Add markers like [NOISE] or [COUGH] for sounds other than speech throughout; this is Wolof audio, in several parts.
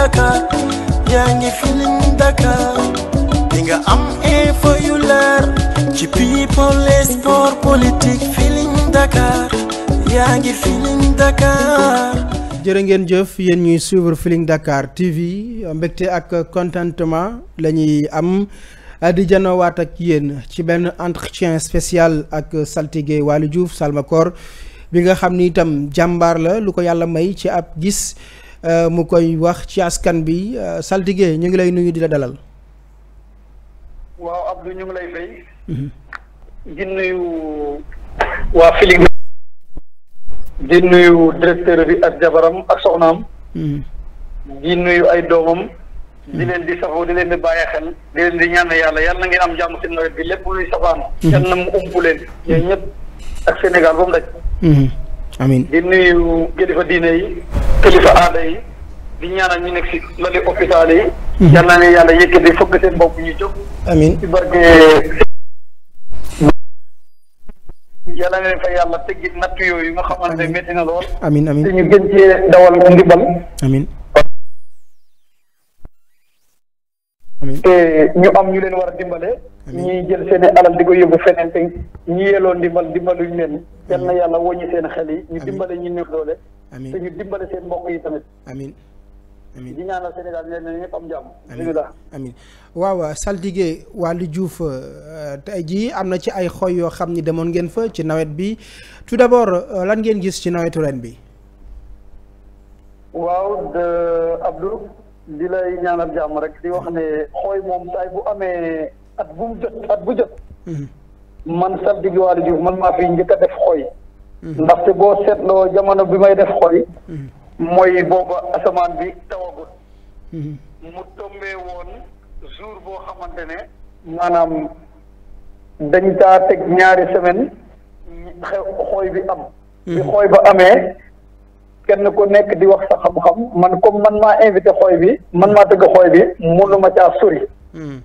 Dakar ngeen jëf yen ñuy suivre Feeling Dakar TV mbégte ak contentement lañuy am di janowaat ak yéen ci benn entretien spécial ak saltige Waly Diouf Salmakoor bi nga xam ni itam jàmbaar la lu ko yàlla may ci ab gis. Euh, mu koy wax ci askan bi euh, saltige ñu ngi lay nuyu di la dalal. waaw Abdou ñu ngi lay fay. Mhm. di nuyu waa Feeling. di nuyu directeur bi ak jabaram ak soxnaam. gi mhm. nuyu ay doomam. Mhm. di leen di safoo di leen di bàyyi xel di leen di ñaan yàlla yàlla na ngeen am jàmm si nawet bi lépp luy safaan. yàlla na mu ump leen. ñëpp ak Sénégal ba mu daj. di nuyu kilifa diine yi. kilifa aada yi di ñaanal ñu nekk si lali hôpital yi. Mhm. yal naa ne yàlla yëkkati fëgg seen bopp ñu jóg. amiin ci barke. yàlla na fa yàlla teggi natt yooyu nga xamante ne métti na lool. amiin amiin te ñu gën cee dawal ndimbal. amiin. te ñu am ñu leen war a dimbale. ñuy jël seen alal di ko yóbbu feneen te ñi yelloo ndimbal dimbaluñ leen. yal na yàlla wóññi seen xel yi. ñu dimbale ñu nekk doole. amiin te ñu dimbale seen mbokk yi tamit. amiin amiin di ñaanal Sénégal ñu ne ñëpp am jàmm. amiin waaw saltige Waly Diouf euh, tey jii am na ci ay xoy yoo xam ni demoon ngeen fa ci nawet bi tout d'abord euh, lan ngeen gis ci nawetu ren bi. waaw Abdou di lay ñaanal jàmm rek di wax ne xooy moom saay bu amee at bu jot at bu jot. Mhm. man saltige Waly Diouf man maa fi njëkk def xooy. ndaxte boo seetloo jamono bi may def xooy mooy booba asamaan bi tawagut mu tombee woon jour boo xamante ne maanaam dañ taa teg ñaari semaine xew xooy bi am bi xooy ba amee kenn ku nekk di wax sa xam-xam man comme man maa invité xooy bi man maa tëgg xooy bi mënuma caa sori hmm.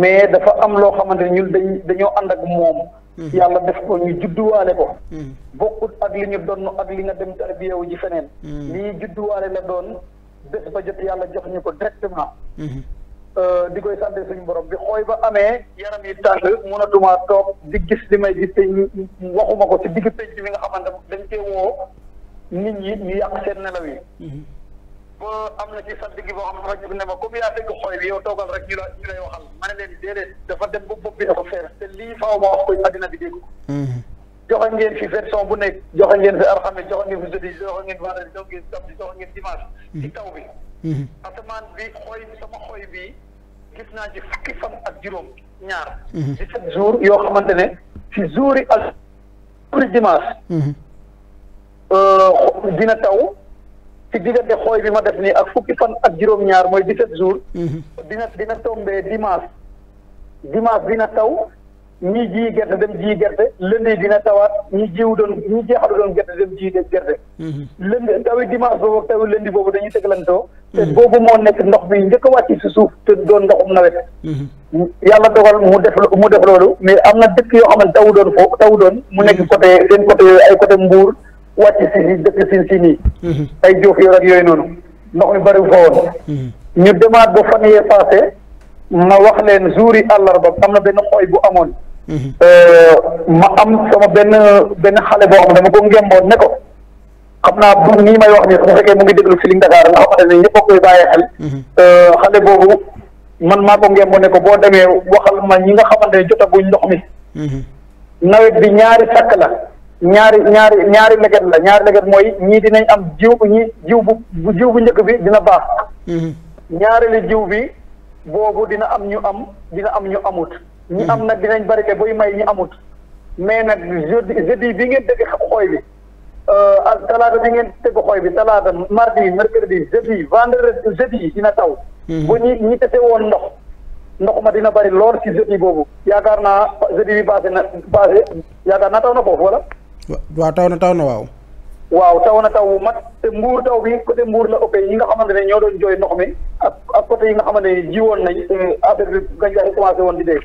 mais dafa am loo xamante ne ñun dañ dañoo ànd ak moom Mm-hmm. yàlla def ko ñu judduwaale ko mm-hmm. bokkut ak li ñu donn ak li nga dem tarbiyewu ji feneen mm-hmm. lii judduwaale na doon bés ba jot yàlla jox ñu ko directement euh, di koy sant suñu borom bi xooy ba amee yaram yi tàng mënatumaa toog di gis li may gis te waxuma ko ci digg penc mi nga xamante dañ cee woo nit ñi ñu yàq seen nelaw yi ba am na ci sant gi boo xam ne rajo bi ne ma comme yaa dégg xooy bi yow toogal rek ñu la ñu lay waxal ma ne leen déedéet dafa dem ba bopp bi dafa feer te lii faaw ma wax ko àddina bi dégg mhm. joxe ngeen fi version bu nekk joxe ngeen fi alxames joxe ngeen fi jeudi joxe ngeen vendredi mhm. taw bi mhm. asamaan bi xooy sama xooy bi gis naa ci fukki fan ak juróom ñaar dix-sept jour yoo xamante ne si jour yi ak jour dimanche euh, dina taw ci diggante xooy bi ma def nii ak fukki fan ak juróom-ñaar mooy dix-sept jours. Mhm. dina dina tombé dimanche. dimanche dina taw ñi ji gerte dem ji gerte lundi dina tawaat ñi jiwu doon ñi jeexalu doon gerte dem ji gerte. Mhm. lundi tawi dimanche boobu ak tawi lundi boobu dañuy tegalantoo. Mhm. te boobu moo nekk ndox bi njëkk a wàcc si suuf te doon ndoxum nawet. yàlla dogal mu def mu def loolu mais am na dëkk yoo xam taw tawu doon foofu taw doon mu nekk côté seen côté yooyu ay côté mbuur wàcc si si dëkk sin si nii ay joof yor ak yooyu noonu ndox mi bëriwu fa woon mhm. ñu demaat ba fan yee passé ma wax leen jour yi àllarba am na benn xooy bu amoon mhm. euh, ma am sama benn benn xale boo xam dama ko ngemboon ne ko xam naa bu nii may wax nii su fekkee mu ngi déglu Feeling Dakar nga xamante ne ñëpp a koy bàyyi xel mhm. euh, xale boobu man maa ko ngemboon ne ko boo demee waxal ma ñi nga xamante ne jotaguñ ndox mi nawet bi ñaari sàkk la ñaari ñaari ñaari leget la ñaari leget mooy ñii dinañ am jiw ñi jiw bu jiw bu njëkk bi dina baax mm-hmm. ñaareelu jiw bi boobu dina am ñu am dina am ñu amut ñi am mm-hmm. nag dinañ bari te buy may ñu amut mais nag jeudi jeudi bi ngeen dégg xooy bi euh, ak talaata bi ngeen dégg xooy bi talaata mardi mercredi jeudi vendredi di dina taw mm-hmm. bu ñi ñi tese woon ndox ndox ma dina bari lool ci jeudi boobu yaakaar naa jeudi bi passé na passé yaakaar naa taw na foofu wala waaw taw na taw na waaw. waaw taw na taw bu mat te mbuur taw bi côté mbuur la ëppee yi nga xamante ne ñoo doon jooy ndox mi ak ak côté yi nga xamante ne woon nañ affaire bi gàncax gi commencé woon di dee.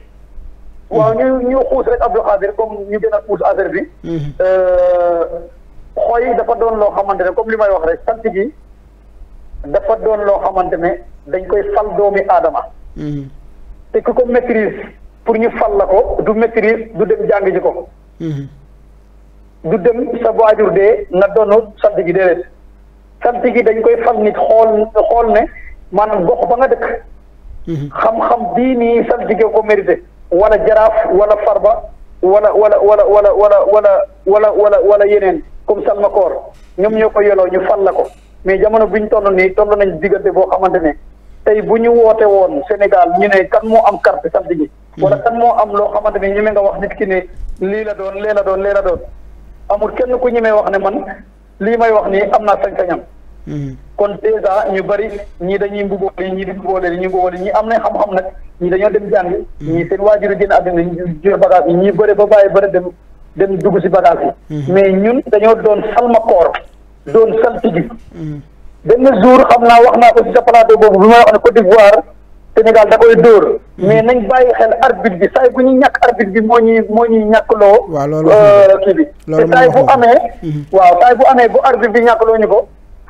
waaw ñu ñu xuus rek Abdou Khadir comme ñu gën a xuus affaire bi. Mm-hmm. Euh, xooy dafa doon loo xamante ne comme li may wax rek sant gi dafa doon loo xamante ne dañ koy fal doomi aadama. Mm-hmm. te ku ko maîtrise pour ñu fal la ko du maîtrise du dem jàng ji ko. Mm-hmm. du dem sa waajur de na doon sant gi de sant gi dañ koy fal nit xool xool ne maanaam gox ba nga dëkk. Mhm. xam-xam bii nii sant gi ko mérité. wala jaraaf wala farba wala wala wala wala wala wala wala wala yeneen comme Salmakoor ñoom ñoo ko yeloo ñu fal la ko mais jamono bi ñu toll nii toll nañ diggante boo xamante ne tey bu ñu woote woon Sénégal ñu ne kan moo am carte sant gi. Mhm. wala kan moo am loo xamante ne ñu nga wax nit ki ne lii la doon lee la doon lee la amul kenn ku ñemee wax ne man lii may wax nii am naa sañ-sañam. Hmm. kon dèjà ñu bari ñii dañuy yi ñii di mbuboole ñii mbuboole ñii am nañ xam-xam nag ñii dañoo dem jàng. Hmm. ñii seen waajur génn àddina ñu jël bagage yi ñii bëre ba bàyyi bëre dem dem dugg si bagage bi hmm. mais ñun dañoo doon salmakoor doon saltigi benn jour xam naa wax naa ko si sa boobu bi ma wax ne Côte d'Ivoire. Sénégal da koy dóor mais nañ bàyyi xel arbitre bi saay bu ñuy ñàkk arbitre bi moo ñuy moo ñuy ñàkkloo euh, kii bi te saay bu amee mhm. waaw saay bu amee bu arbitre bi ñàkkloo ñu ko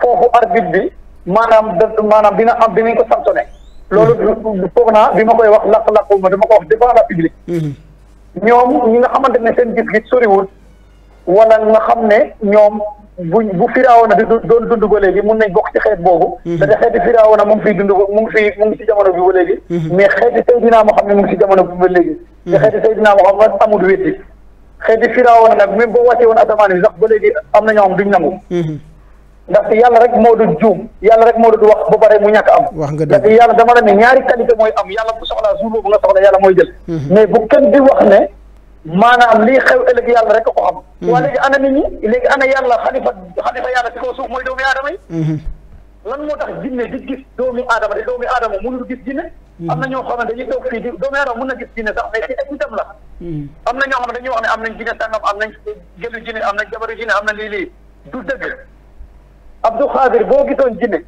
foofu arbitre bi maanaam da maanaam dina am dinañ ko sanctionné loolu mhm. foog naa bi ma koy wax lakk-lakku ma dama ko wax devant la public mhm. ñoom ñi nga xamante ne seen gis-gis soriwul wala nga xam ne ñoom bu bu Firawna di doon dund ba léegi mun nañ bokk ci xeet boobu. da mhm. xeeti Firawna mu ngi fiy dund ba mu ngi fiy mu ngi ci jamono bi ba léegi. Mhm. mais xeeti Seydina Muhammad mu ngi ci jamono bi ba léegi. te mhm. xeeti Seydina Muhammad amul wéddi. nag même boo wàccee woon asamaan bi sax ba léegi am na ñoom duñ nangu. ndaxte yàlla rek moo dul juum yàlla rek moo dul wax ba bare mu ñàkk am wax nga dëgg yàlla dama la ne ñaari qualité mooy am yàlla bu soxlaa suuf boobu nga soxla yàlla mooy maanaam lii xew ëllëg yàlla rek ko xam. Hmm. waa léegi ana nit ñi léegi ana yàlla xalifa xalifa yàlla ci kaw suuf mooy doomi aadama yi. Hmm. lan moo tax jinne di gis doomi aadama de doomi aadama mënul gis jinne. Hmm. am na ñoo xam ne dañuy toog fii di doomi aadama mën na gis jinne sax mais ci ay itam la. am na ñoo xam ne dañuy wax ne am nañ jinne sàngam am na gëlu jinne am nañ jabaru jinne am na lii lii du dëgg. Abdou Khadir boo gisoon jinne.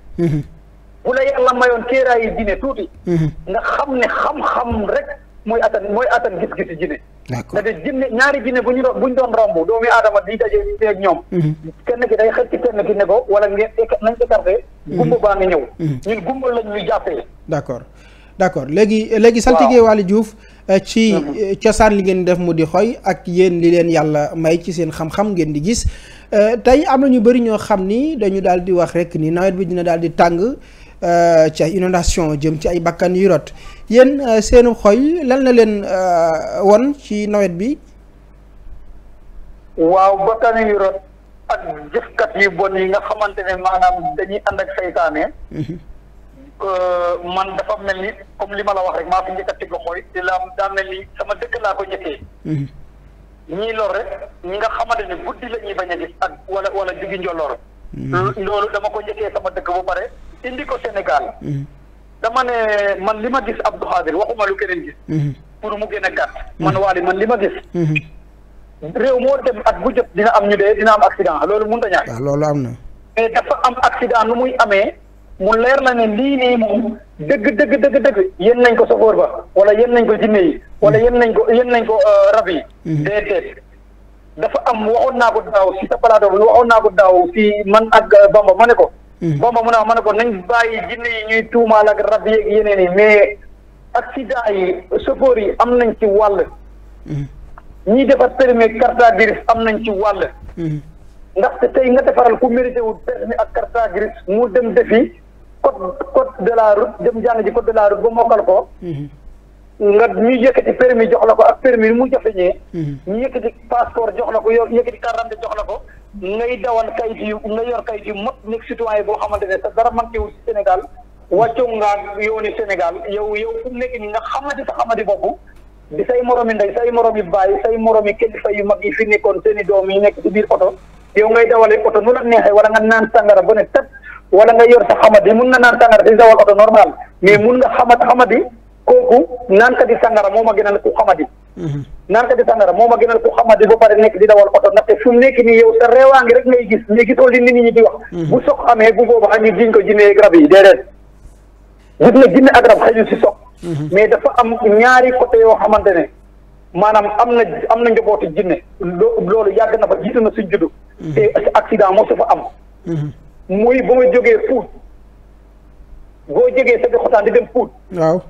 bu la yàlla mayoon kéeraayu jinne tuuti. nga xam ne xam-xam rek. mooy attan mooy attan gis-gisi jinne jinne ñaari jinne bu ñu doon bu ñu doon romb doomu aadama di ñoom mm-hmm. kenn ki day xëcc ne ko wala ngeen e-, nañ écarté mm-hmm. gumba baa ngi ñëw mm-hmm. ñun gumba lañ ñu jàppee léegi léegi saltige Waly Diouf euh, ci euh, cosaan li ngeen def mu di xoy ak yéen li leen yàlla may ci seen xam-xam ngeen di gis euh, tey am na ñu bëri ñoo xam ni dañu daal di wax rekk nii nawet bi dina daal di tàng ci ay inondation jëm ci ay bàkkan yu yéen euh, seenu xoy lan la leen euh, won ci nawet bi waaw ba tane yu rot ak jëfkat yu bon yi nga xamante ne maanaam dañuy ànd ak seytaane mhm. euh, man dafa mel ni comme li ma la wax rek maa fi njëkk a teg xooy di la daa mel ni sama dëkk laa ko njëkkee mhm. ñii lor rek ñi nga xamante ne guddi la ñuy bañ a gis ak wala wala jigi njolloor mhm. loolu dama ko njëkkee sama dëkk ba pare indi ko Sénégal dama ne man li ma gis Abdou Khadir waxuma lu keneen gis. Mhm. pour mu gën a gàtt. Mhm. man waali man li ma gis. Mhm. réew moo dem ak bu jot dina am ñu dee dina am accident loolu mun a ñàkk. loolu am na. mais dafa am accident nu muy amee mu leer na ne lii nii moom dëgg dëgg dëgg dëgg yéen nañ ko sofóor ba wala yéen nañ ko jinne yi wala yéen nañ ko yéen nañ ko euh, rab yi. déedéet dafa am waxoon naa ko daaw si sa plateau waxoon naa ko daaw si man ak euh, Bamba ma ne ko. Hmm. booba mun a ah, ma ne ko nañ bàyyi jinne yi ñuy tuumaal ak rab yeeg yeneen yi mais accident yi chauffeur yi am nañ ci wàll hmm. ñiy defar permis carte grise am nañ ci wàll hmm. ndaxte tey nga defaral ku mérité wul permis ak carte grise mu dem defi code code de la dem jàng ji code de la route ba mokkal ko nga ñu yëkkati permis jox la ko ak permis mu jafe ñee ñu yëkkati passeport jox la ko yow yëkkati carte d'identité jox la ko ngay dawal kayit yu nga yor kayit yu mat nekk citoyen boo xamante ne sa dara man wul ci Sénégal wàccoo ngaa yooni Sénégal yow yow fu mu nekk nii nga xamante sa xamante bopp di say moromi ndey say moromi baay say moromi kilifa yu mag yi fi nekkoon seen i doom yi nekk ci biir oto yow ngay dawalee oto nu la neexee wala nga naan sàngara ba ne tët wala nga yor sa xamadi mun nga naan sàngara di dawal oto normal mais mun nga xamat xamadi kooku naan di sàngara moo ma gënal ku xamadi naan ko di sàngara moo ma gënal ku xamadi ba pare nekk di dawal oto ndaxte fu nekk nii yow sa reewaangi rek ngay gis mais gisoo li nit ñi di wax mm-hmm. bu soq amee bu boobaa ñu jiñ ko jinne ak rab yi déedéet gis si soq mm-hmm. mais dafa am ñaari côté yoo xamante ne maanaam am na am na njabootu jinne loolu yàgg na fa jiitu na si juddu mm-hmm. te accident moo su fa am muy boo ma jógee Pout boo jógee sa xotaan di dem Pout waaw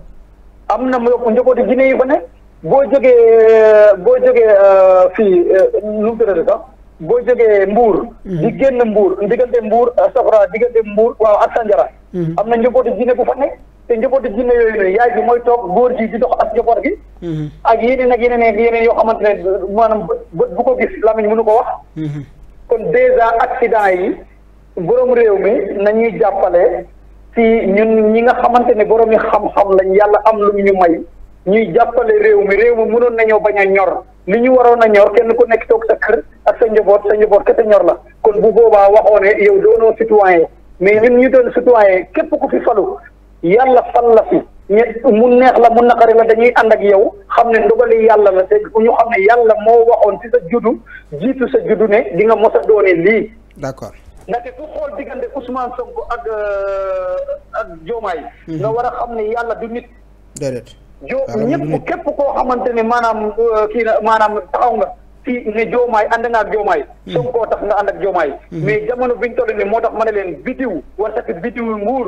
am na njabootu jinne yi fa ne boo jógee boo jógee euh, fii euh, nu mu tëddee sax boo jógee Mbour. Hmm. di génn Mbour diggante Mbour euh, Safra diggante Mbour waaw ak Sanjara. Hmm. am na njabootu jinne bu fa nekk te njabootu jinne yooyu yaay bi mooy toog góor ji di dox ak njaboot gi. Hmm. ak yeneen ak yeneen yeneen yoo xamante ne maanaam bët bu ko gis lamiñ mënu ko wax. kon ak accident yi borom réew mi nañuy jàppale ci ñun ñi nga xamante ne borom yi xam-xam lañ yàlla am lu ñu may. ñuy jàppale réew mi réew mi mënoon nañoo bañ a ñor li ñu waroon a ñor kenn ko nekk toog sa kër ak sa njaboot sa njaboot kese ñor la kon bu boobaa waxoo ne yow doonoo citoyen mais ñun ñu doon citoyen képp ku fi falu yàlla fal la fi ñe mu neex la mu naqari la dañuy ànd ak yow xam ne ndogali yàlla la te ñu xam ne yàlla moo waxoon ci sa juddu jiitu sa juddu ne di nga mos a doone lii. d'accord ndaxte ku xool diggante Ousmane Sonko ak euh, ak Diomaye. Mhm. nga war a xam ne yàlla du nit. déedéet. jo ah, ñëpp képp koo xamante ne maanaam euh, kii nag maanaam taxaw nga ci ne joomaay ànd nga ak joomaay hmm. Sonko tax nga ànd ak joomaay hmm. mais jamono biñ toll nii moo tax ma ne leen bitiw war takki bitiw nguur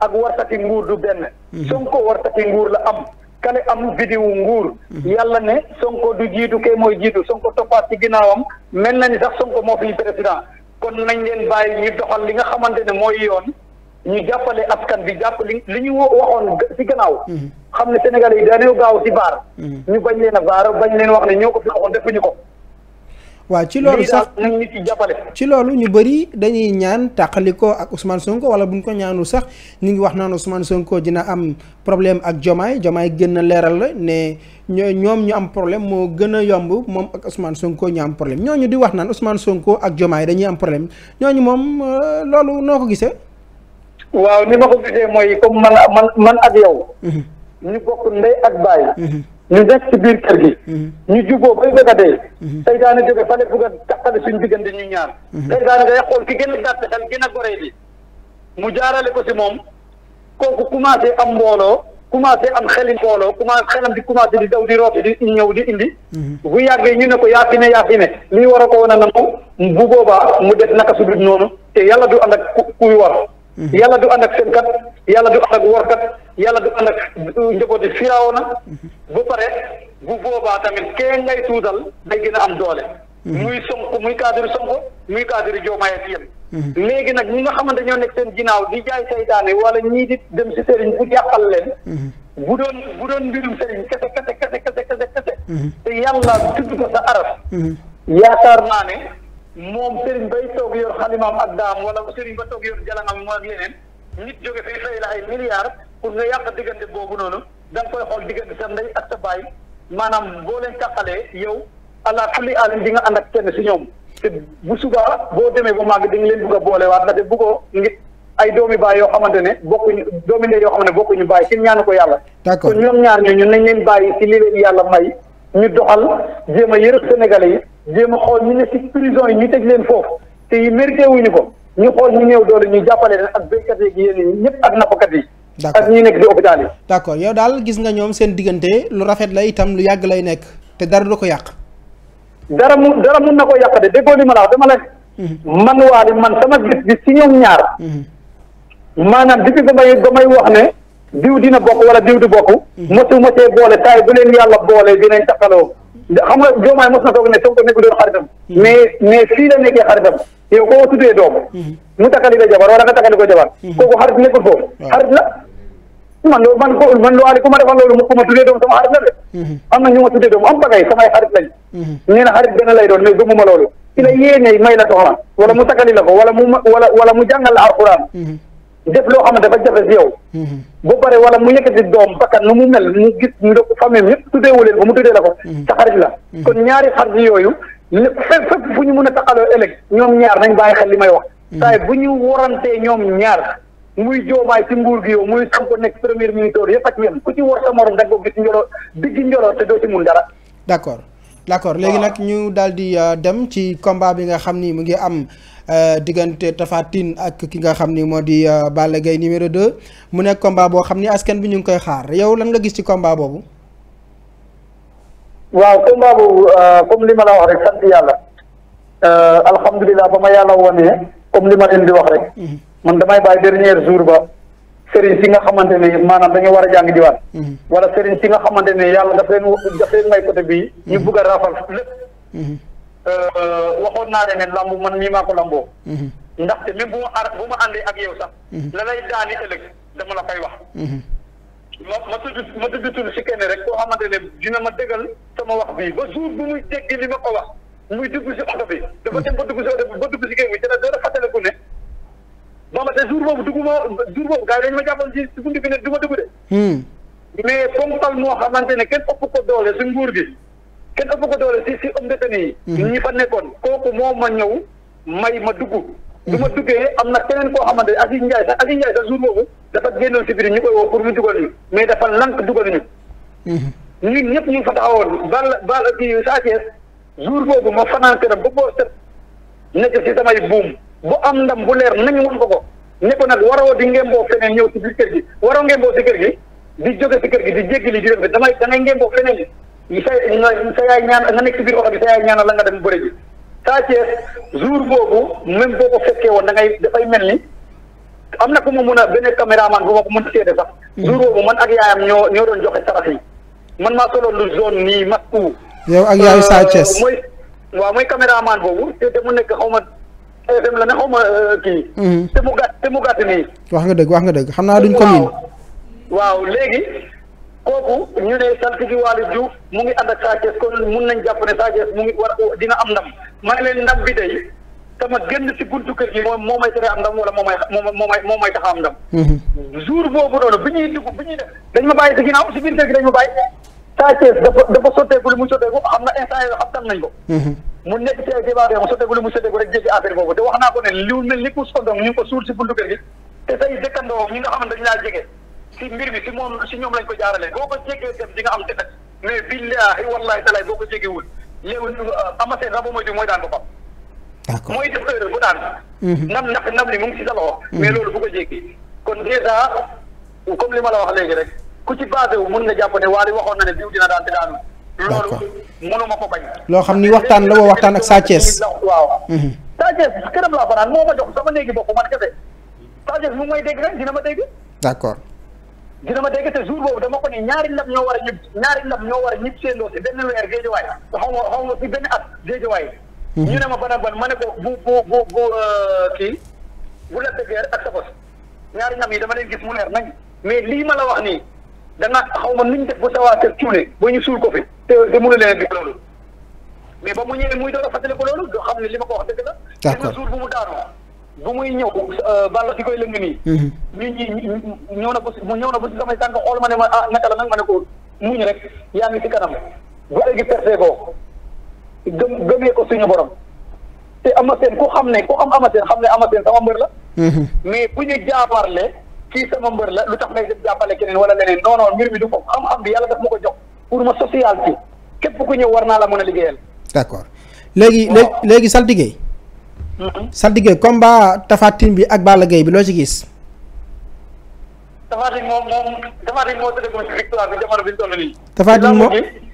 ak war takki nguur du benn hmm. Sonko war takki nguur la am kale am bitiw nguur yàlla ne Sonko du jiitu kee mooy jiitu Sonko toppaat ci ginnaawam mel na ni sax Sonko moo fi président kon nañ leen bàyyi ñu doxal li nga xamante ne mooy yoon ñu jàppale askan bi jàpp li li ñu waxoon ci gannaaw. xam ne Sénégalais yi dañoo gaaw ci baar. ñu bañ leen a baar bañ leen wax ne ñoo ko fi waxoon defuñu ko. waaw ci loolu sax ci loolu ñu bëri dañuy ñaan tàqaliko ak Ousmane Sonko wala bu ñu ko ñaanul sax ñu ngi wax naan Ousmane Sonko dina am problème ak Jomaay Jomaay gën a leeral la ne ñoom ñu am problème moo gën a yomb moom ak Ousmane Sonko ñu am problème ñu di wax naan Ousmane Sonko ak Jomaay dañuy am problème ñooñu moom euh, loolu noo ko gisee. waaw ni ma ko gisee mooy comme man man man ak yow. Mhm. ñu bokk ndey ak baay. Mhm. ñu nekk ci biir kër gi. Mhm. ñu juboo bay bëgg a dee. seytaane jóge fale bugg a taqale suñu diggante ñu ñaar. seytaane day xool ki gën a gàtt xel gën a goree bi mu jaarale ko si moom kooku commencé am mbooloo commencé am xeli mbooloo commencé xelam di commencé di daw di rooti di ñëw di indi. bu yàggee ñu ne ko yaa fi ne yaa fi ne lii war a ko wan a nangu bu boobaa mu def naka su noonu te yàlla du ànd ak kuy war. Mm-hmm. yàlla du ànd ak seenkat yàlla du ànd ak workat yàlla du ànd ak njabooti firaaw na mm-hmm. ba pare bu boobaa tamit kee ngay tuutal day gën a am doole mm-hmm. muy Sonko muy cadre Sonko muy cadre Diomaye ak léegi nag ñi nga xamante ñoo nekk seen ginnaaw di jaay saytaane wala ñii di dem si sëriñ bu jàppal leen bu doon bu doon mbirum sëriñ kese kese kese kese kese te yàlla tudd ko sa araf yaakaar naa ne moom Serigne bay toog yor xalimaam ak daam wala Serigne ba toog yor jalangam moom ak yeneen nit jóge fay fay la ay milliards pour nga yàq diggante boobu noonu danga koy xool diggante sa ndey ak sa baay maanaam boo leen tàqalee yow allah kulli alim di nga ànd ak kenn si ñoom te bu subaa boo demee ba màgg di leen bugg a boolewaat ndaxte bu ko ngir ay doomi baay yoo xamante ne bokkuñu doomi ndey yoo xam ne bokkuñu baay kenn ñaanu ko yàlla. d'accord kon leen bàyyi yàlla may. ñu doxal jéem a yërëb yi jéem a xool ñu ne ci prison yi ñu teg leen foofu te yi mérité ko ñu xool ñu néew doole ñu jàppale leen ak béykat yi ak yéen ñëpp ak nappkat yi. ak ñi nekk ci hôpital yi. d' yow daal gis nga ñoom seen diggante lu rafet la itam lu yàgg lay nekk te dara du ko yàq. dara mu dara mun na ko yàq de déggoo li ma la wax dama la. Mhm. man waali man sama gis bi ci ñoom ñaar. Mhm. maanaam depuis ba may ba may wax ne. diw dina bokk wala diw di bokk mhm. mosu mosee boole saa yi bu leen yàlla boole dinañ taxaloo xam nga joomaay mos na toog ne Sonko nekkul doon xaritam mhm. mais mais fii la nekkee xaritam yow koo tuddee doom mhm. mu takkali la jabar wala nga takkali ko jabar kooku xarit nekkul foofu xarit la man loolu man ko man loo ali ku ma defal loolu mu ku ma tuddee doom sama xarit la de am na ñu ma e doom am bagay samay xarit lañ nee na xarit benn lay doon mais ma loolu ki la yéene may la soxna wala mu takkali la ko wala mu wala wala mu jàngal la alxuraan def loo xam ne dafa jafe si yow. Mhm. bu pare wala mu yëkkati doom bakkan nu mu mel mu gis ñu def famille yëpp tuddeewu leen ko mu tuddee la ko. Mhm. sa xarit la mhm. kon ñaari xarit yooyu ne fépp fépp fu ñu mën a taxaloo ëllëg ñoom ñaar nañ bàyyi xel li may wax. saa bu ñu warantee ñoom ñaar muy joomaay ci nguur gi yow muy Sonko nekk premier ministre yëpp ak ñoom ku ci war sa morom da ko gis njoro digg njoro te doo ci mun dara. d'accord d'accord léegi nag ñu daal di euh, dem ci combat bi nga xam ni mu ngi am. Euh, diggante Tapha ak ki nga xam ni moo di euh, Balla Gaye numéro 2 mu nekk combat boo xam ni askan bi ñu ngi koy xaar yow lan nga gis ci combat boobu. waaw combat boobu euh, comme li ma la wax rek sant yàlla alhamdulilah ba ma yàlla wonee comme li ma leen di wax rek mhm. man damay bàyyi dernier jour ba sëriñ si nga xamante ne maanaam dañu war a jàng diwaan mhm. wala sëriñ si nga xamante ne yàlla daf leen daf leen may côté bii mhm. ñu bugg a rafal lépp Euh, waxoon naa ne lamb man mii maa ko lamboo. Mhm. ndaxte même bu ma aar bu ma àndee ak yow sax. Mhm. la lay daani ëllëg dama la koy wax. Mhm. ma ma tudd ma tudd tudd si kenn rek koo xamante ne dina ma dëggal sama wax bii ba jour bu muy dégg li ma ko wax muy dugg si oto bi. dafa dem ba dugg si oto bi ba dugg si kër gi dina doon ne. ba ma te jour boobu dugg ma jour boobu gars yi dañu ma jàppoon si si bi ne du ma dugg de. mais ponkal moo xamante ne kenn ëpp ko doole si nguur kenn ëpp ko doole si si homme de tenue yi. Mhm. ñi fa nekkoon kooku moo ma ñëw may ma dugg. du ma mhm. duggee am na keneen koo xamante ne Aziz Ndiaye sax Aziz Ndiaye sax jour boobu dafa génnoon si biir ñu koy woo pour mu dugal ñu mais dafa lank dugal ñu. Mhm. ñun ñëpp ñu ngi fa taxawoon Balla Balla kii Sa Thiès jour boobu ma fanaan këram ba boo set nekk si samay buum bu am ndam bu leer nañu woon ko ko ne ko nag waroo di ngemboo feneen ñëw si biir kër gi waroo ngemboo si kër gi di jóge si kër gi di jéggi li di def damay dangay ngemboo feneen ñu sa sa yaay ñaan nga nekk ci biir oto nga dem bëri ji Sa Thiès jour boobu même boo fekkee woon da ngay dafay mel ni am na ku ma mun a benn caméraman bu ko mën a seede sax mm. jour boobu man ak yaayam ñoo ñoo doon joxe sarax yi man maa solo lu zone nii masku yow ak yaayu Sa euh, Thiès mooy waaw mooy caméraman boobu te mu nekk xaw ma FM la ne xaw ma euh, kii mm-hmm. te mu gàtt te mu gàtt nii wax nga dëgg wax nga dëgg xam naa duñ ko miin waaw léegi kooku ñu ne saltigi Waly Diouf mu ngi ànd ak Sa Thiès kon mun nañ jàpp ne Sa Thiès mu dina am nam ma ne leen ndam bi day sama génn ci buntu kër gi moom moo may tere am ndam wala moo may moo may moo may am ndam. Mhm. jour boobu noonu bi ñuy def dañ ma bàyyi ci ginnaaw na instant yoo xam tam nañ ko. Mhm. mu nekk ci ay débat yoo xam sotteeku li muy sotteeku rek jéggi affaire boobu te wax naa ko ne li mel ni ku sondong ñu ngi ko nga xam ne dañ laa jege. ci mbir mi ci moom ci ñoom lañ ko jaarale boo ko jéggee def di nga am defet mais billahi wallahi boo ko jéggewul léew euh, amasee sax boo mooy daan boppam daan mhm. nam naq nam ni mu ngi ci sa mhm. mais loolu bu ko jéggee kon dèjà comme li ma la wax léegi rek ku ci basé wu mun nga jàpp ne waa li waxoon na ne diw dina daan te daanu loolu mënuma ko bañ loo xam ni waxtaan la boo waxtaan ak Sa waaw mhm. Sa Thiès këram laa moo ma jox sama néegi bopp man kese Sa Thiès may dégg rek dina ma dégg d'accord dina ma dégg te jour boobu dama ko ne ñaari ndam ñoo war a ñib ñaari ndam ñoo war a ñib seen loolu si benn weer géejewaay xaw ma xaw ma si benn at géejewaay. Mhm. ñu ne ma ban ak ban ma ne ko bu bu bu bu euh, kii bu la dëgër ak sa ñaari ndam yi dama leen gis mu leer nañ mais lii ma la wax nii danga xaw ma nuñ def ba sa waa kër cuune ñu suul ko fi te te mënu leen gis loolu mais ba a ko loolu doo xam ne li ma ko wax dëgg la. d'accord jour bu mu daanoo. bu muy ñëw euh, Balla di koy lëng nii. Mm-hmm. nit ñi ñëw na ba si ñëw na ba si samay tànk xool ma ne ma ah la nag ma ne ko muñ rek yaa ngi ci kanam bu léegi percé ko gëm gëmee ko suñu borom te ama seen ku xam ne ku xam ama seen xam ne ama seen sama mbër la. Mm-hmm. mais bu ñu jaabaarle kii sama mbër la lu tax may jàppale keneen wala leneen non non mbir mi du ko xam-xam bi yàlla daf ma ko jox pour ma social ci képp ku ñëw war naa la mën a liggéeyal. d'accord léegi léegi léegi saltige sa digg ba Tafatine bi ak Balla Gaye bi loo ci gis. Tafatine moo tëddee ci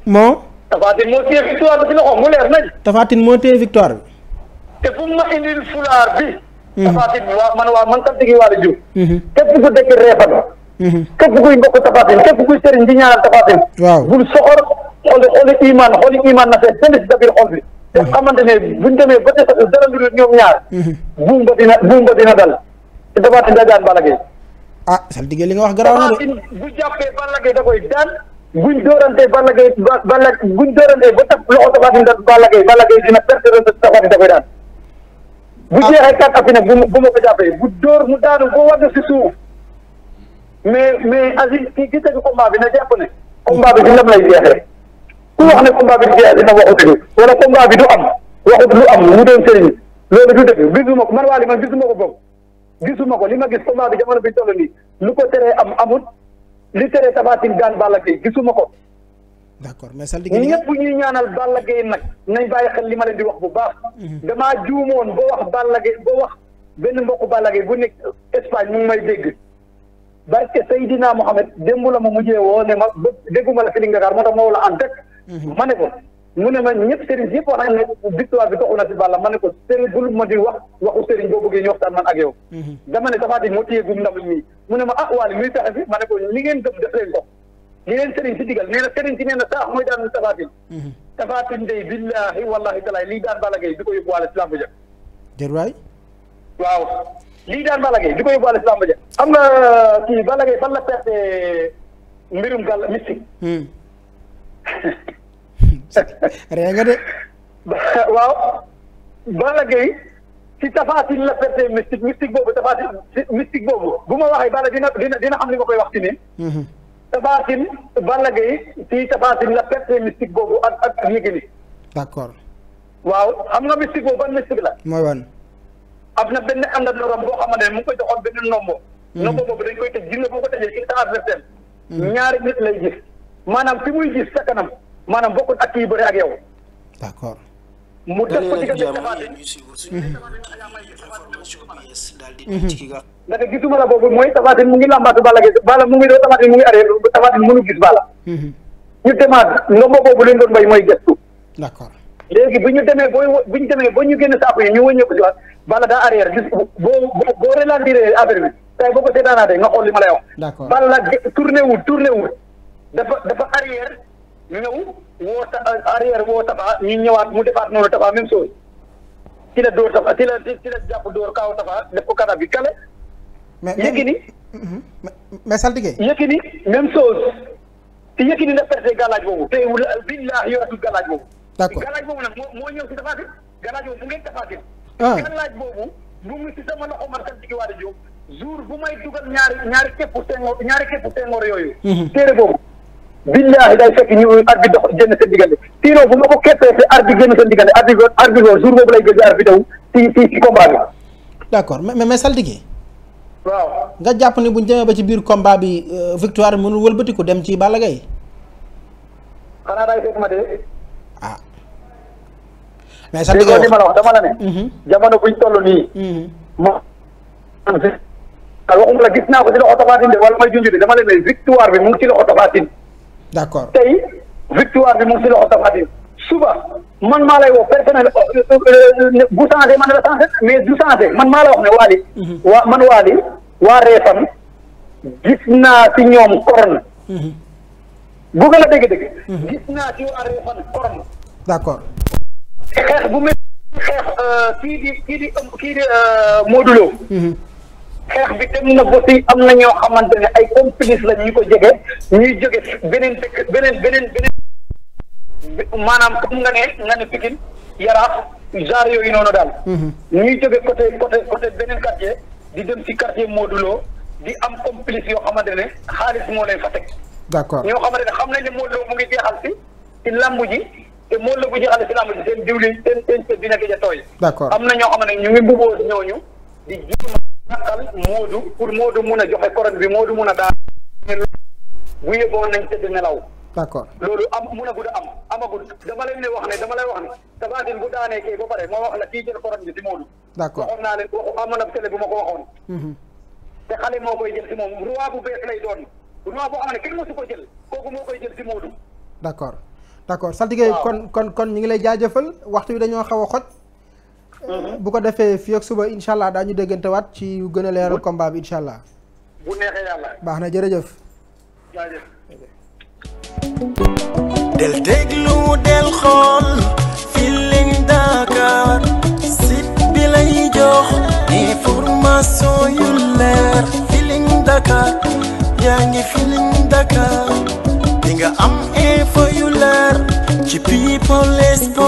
moo moo. Tafatine moo téye victoire bi ci loxo mu leer nañ. Tafatine moo téye victoire bi. te fu ma indil fulaar bi. Mhm. Tafatine waa man waa man kat digg waa la jiw. képp ku dëkk reefan. Mhm. képp kuy mbokk Tafatine képp kuy sëriñ di ñaanal Tafatine. waaw bul soxor xooli xooli iman xooli iman na fee benn si sa xol bi. te xamante ne buñ demee ba tey dara lu dul ñoom ñaar. Mhm. buum ba dina buum ba dina dal te Tapha Tine daa daan Balla Gaye. ah saltige li nga wax garaaw na de. bu jàppee Balla Gaye da koy daan buñ doorantee Balla Gaye ba Balla buñ doorantee ba taf loxo Tapha Tine Balla Gaye Balla Gaye dina perte ren Tapha Tine da koy daan. bu ah. jeexee kàtt afi nag bu bu ma ko jàppee bu dóor mu daanu ko wàgg si suuf mais mais Aziz kii gis nga combat bi na jàpp ne. combat bi ci ndam lay jeexee. ku wax ne combat bi di jeex dina waxu dëgg wala combat bi du am waxut lu am mu doon sëriñ loolu du dëgg gisuma ko man waa li man gisuma ko bokk gisuma ko li ma gis combat bi jamono bi toll nii lu ko teree am amut li teree tabaatin daan Balla Gaye gisuma ko. d'accord mais sa liggéey ñëpp ñuy ñaanal Balla Gaye nag nañ bàyyi xel li ma leen di wax bu baax. Mhm. damaa juumoon boo wax Balla Gaye boo wax benn mbokku Balla Gaye bu nekk Espagne mu ngi may dégg. barke Seydina Mohamed démb la ma mujjee woo ne ma dégguma la fi li nga gaar moo tax ma woo la en Mhm. ma ne ko mu ne ma ñëpp sëriñ yëpp wax nañ ne victoire bi doxu na si Balla ma ne ko sëriñ bul ma di wax waxu sëriñ boo bëggee ñu waxtaan man ak yow. Mhm. dama ne Tapha Tine moo téye gum ndam mi mu ne ma ah waale muy fexe fi ma ne ko li ngeen gëm def leen ko li leen sëriñ si digal nee na sëriñ si nee na saax mooy daan Tapha Tine. Mhm. Tapha Tine day billahi wallahi talaay lii daan Balla Gaye di ko yóbbuwaale si làmb ja. déet waaw lii daan Balla Gaye di ko yóbbuwaale la perte mbirum gàll mystique. Hmm. [LAUGHS] ree nga de. [LAUGHS] waaw. Balla Gaye ci tafaatin la perte mystique mystique boobu tafaatin mystique boobu bu ma waxee Balla dina dina dina xam ni ma koy wax ci mhm. ne. tafaatin Balla Gaye ci tafaatin la perte mystique boobu ak ak yëgëli. d'accord. waaw xam nga mystique boobu ban mystique la. mooy wan. am na benn ànd ak loram boo xamante ne mu ngi koy joxoon benn nombo. Mhm. nombo boobu dañ koy tëj gis nga boo ko tëjee ci sa adversaire. Mhm. ñaari nit lay gis. maanaam fi muy gis sa kanam. maanaam bokkul ak kii bëri ak yow. d'accord. mu def ko ci gerte Tapha ndax mhm. gisuma la boobu mooy Tapha Tine mu ngi làmbaatu Balla Gaye Balla mu ngi doon Tapha Tine mu ngi arrêté Tapha Tine mënu gis Balla. Mhm. ñu demaat ndombo boobu leen doon béy mooy gëstu. d'accord léegi bi ñu demee booy bi ñu demee ba ñu génn saako yi ñu wëññeeku si waat Balla daa arrière gis boo boo boo relantiré affaire bi tey boo ko seetaanaatee nga xool li ma lay wax. d'accord Balla tourné wul tourné wul dafa dafa arrière. ñëw woo ta arrière woo Tapha ñu ñëwaat mu defaat noonu Tapha même chose ci la dóor Tapha ci la ci la jàpp dóor kaaw Tapha def ko kanam bi kale. mais Yékini mhm. mais saltige. Yékini même chose te Yékini na perte galaaj boobu te billahi yoratul galaaj boobu. d'accord galaaj boobu nag moo moo ñëw si Tapha Tine galaaj boobu mu ngeen Tapha Tine. Ah. galaaj boobu mu ngi si sama loxo man saltige waa di jour bu may dugal ñaari ñaari képp sengoor ñaari képp sengoor yooyu. Mhm. téere boobu. billahi day fekk ñu arbitre dox génn seen diggante sinon bu ma ko keppee te bi génn seen diggante arbitre arbitre jour boobu lay gën di arbitre wu ci ci ci combat bi. d'accord mais mais saltige. waaw nga jàpp ni bu ñu demee ba ci biir combat bi euh, victoire bi mënul dem ci Balla Gaye. xanaa day fekk ma de. ah. wax li ma la ne. Mhm. jamono buñ toll nii. moom. naa ko ci wala may junj de dama leen ne bi mu ngi ci loxo Tapha d' accord tey victoire bi moom si loxo Tapha Tine suba man maa lay wax personnel euh, euh, euh, bu changé man la changé mais du changé man maa la wax ne Waly. Mhm. waa man Waly waa Réfane gis naa ci ñoom corne. Mhm. bu gën a dégg mhm. gis naa ci waa Réfane corne. d' accord. xeex bu mel xeex kii di kii di kii xeex bi dem na ba am na ñoo xamante ne ay complices la ñu ko jege ñuy jóge beneen dëkk beneen beneen beneen maanaam comme nga ne nga ne Pikine Yaraax genre yooyu noonu daal. Mhm. ñuy jóge côté côté côté beneen quartier di dem ci quartier Modou Lo di am complice yoo xamante ne xaalis moo lay fa teg. d'accord ñoo xamante ne xam ne Modou Lo mu ngi jeexal ci ci lamb ji. te moo la bu jeexale si làmb ji seen diwlin seen seen seen dina gëj a tooy. d'accord am na ñoo xam ne ñu ngi bëggoon ñooñu di jiw. naqal Moodu pour Moodu mun a joxe couronne bi Moodu mun a daal bu yëgoon nañ tëdd nelaw. d'accord loolu am mun a gudd am amagul dama leen di wax ne dama lay wax ne Tapha bu daanee kii ba pare ma wax la kii jël couronne bi si Moodu. d'accord waxoon naa leen waxu amoon na télé bu ma ko waxoon. Mm-hmm. te xale moo koy jël si moom roi bu bees lay doon roi boo xam ne kenn mosu ko kooku moo koy jël si Moodu. d'accord d'accord saltige kon kon ñu ngi lay jaajëfal waxtu bi dañoo xaw a xoj. Mhm. bu ko defee fii suba incha allah daañu déggantewaat ci yu gën a leeral combat bi incha baax na jërëjëf. jaajëf. del déglu del xool Feeling Dakar site bi lay jox information yu leer Feeling Dakar yaa ngi Feeling Dakar di nga am info leer ci people sport.